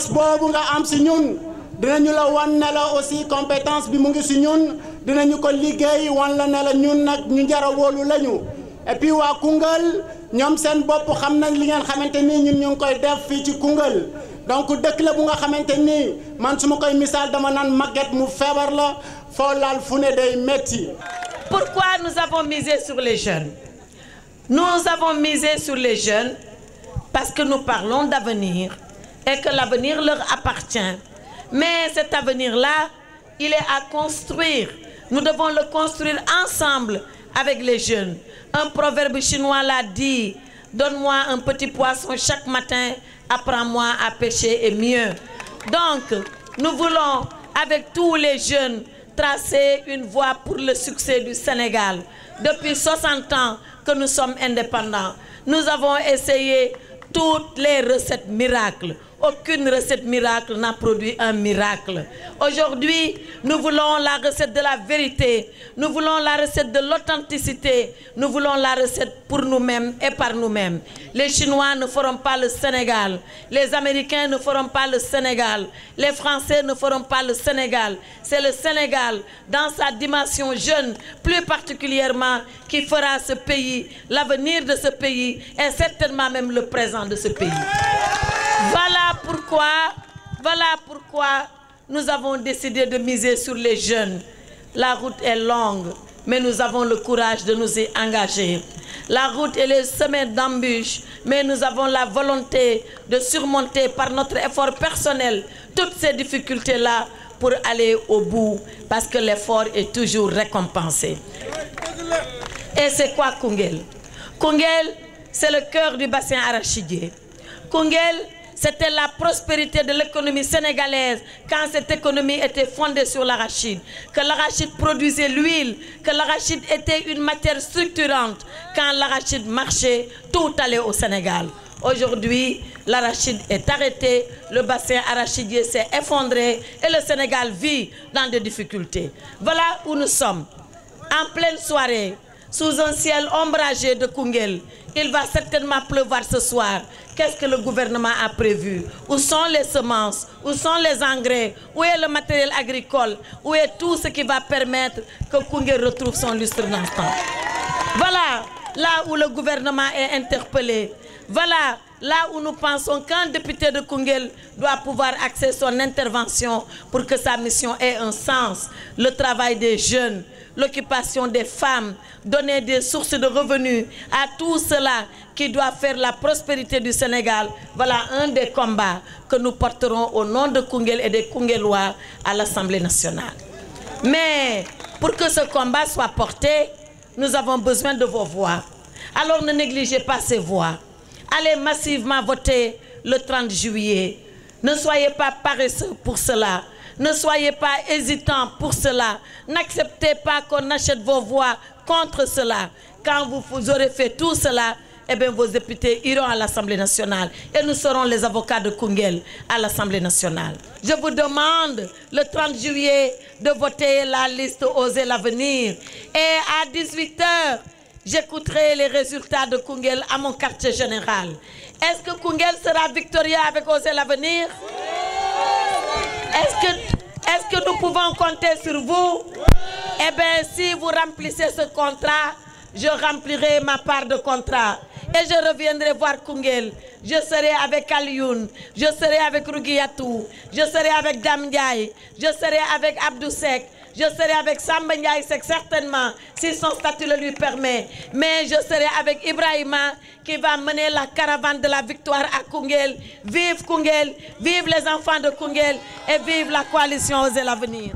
confiance boobu nga am si ñun dinañu la wan ne la aussi compétence bi mu ngi si ñun dinañu ko liggéey wan la ne la ñun nag ñu jar lañu et puis waa Koungheul ñoom seen bopp xam nañ li ngeen xamante ni ñun ñu ngi koy def fii ci Koungheul donc dëkk la bu nga xamante ni man suma koy misaal dama naan màgget mu feebar la foo laal fu ne day metti pourquoi nous avons misé sur les jeunes nous avons misé sur les jeunes parce que nous parlons d'avenir et que l'avenir leur appartient. Mais cet avenir-là, il est à construire. Nous devons le construire ensemble avec les jeunes. Un proverbe chinois l'a dit, donne-moi un petit poisson chaque matin, apprends-moi à pêcher et mieux. Donc, nous voulons, avec tous les jeunes, tracer une voie pour le succès du Sénégal. Depuis 60 ans que nous sommes indépendants, nous avons essayé toutes les recettes miracles. Aucune recette miracle n'a produit un miracle. Aujourd'hui, nous voulons la recette de la vérité, nous voulons la recette de l'authenticité, nous voulons la recette pour nous-mêmes et par nous-mêmes. Les Chinois ne feront pas le Sénégal, les Américains ne feront pas le Sénégal, les Français ne feront pas le Sénégal. C'est le Sénégal, dans sa dimension jeune, plus particulièrement, qui fera ce pays, l'avenir de ce pays et certainement même le présent de ce pays voilà pourquoi nous avons décidé de miser sur les jeunes. La route est longue, mais nous avons le courage de nous y engager. La route est le sommet d'embûches, mais nous avons la volonté de surmonter par notre effort personnel toutes ces difficultés-là pour aller au bout, parce que l'effort est toujours récompensé. Et c'est quoi Kungel Kungel, c'est le cœur du bassin arachidier. Kungel, c'était la prospérité de l'économie sénégalaise quand cette économie était fondée sur l'arachide. Que l'arachide produisait l'huile, que l'arachide était une matière structurante. Quand l'arachide marchait, tout allait au Sénégal. Aujourd'hui, l'arachide est arrêté, le bassin arachidier s'est effondré et le Sénégal vit dans des difficultés. Voilà où nous sommes. En pleine soirée, sous un ciel ombragé de Kungel, il va certainement pleuvoir ce soir. Qu'est-ce que le gouvernement a prévu Où sont les semences Où sont les engrais Où est le matériel agricole Où est tout ce qui va permettre que Kungé retrouve son lustre d'enfant Voilà là où le gouvernement est interpellé. Voilà là où nous pensons qu'un député de Kungel doit pouvoir axer son intervention pour que sa mission ait un sens, le travail des jeunes, l'occupation des femmes, donner des sources de revenus à tout cela qui doit faire la prospérité du Sénégal. Voilà un des combats que nous porterons au nom de Kungel et des Kungelois à l'Assemblée nationale. Mais pour que ce combat soit porté, nous avons besoin de vos voix. Alors ne négligez pas ces voix. Allez massivement voter le 30 juillet. Ne soyez pas paresseux pour cela. Ne soyez pas hésitants pour cela. N'acceptez pas qu'on achète vos voix contre cela. Quand vous aurez fait tout cela, eh bien, vos députés iront à l'Assemblée nationale et nous serons les avocats de Kungel à l'Assemblée nationale. Je vous demande le 30 juillet de voter la liste Oser l'avenir et à 18h, J'écouterai les résultats de Kungel à mon quartier général. Est-ce que Kungel sera victorieux avec Oser l'avenir Est-ce que, est que nous pouvons compter sur vous Eh bien, si vous remplissez ce contrat, je remplirai ma part de contrat. Et je reviendrai voir Kungel. Je serai avec Alioun. Je serai avec Rugiatou. Je serai avec Damgai. Je serai avec Abdou je serai avec Sam Ndiaye certainement, si son statut le lui permet. Mais je serai avec Ibrahima, qui va mener la caravane de la victoire à Kungel. Vive Kungel, vive les enfants de Kungel et vive la coalition Osez l'avenir.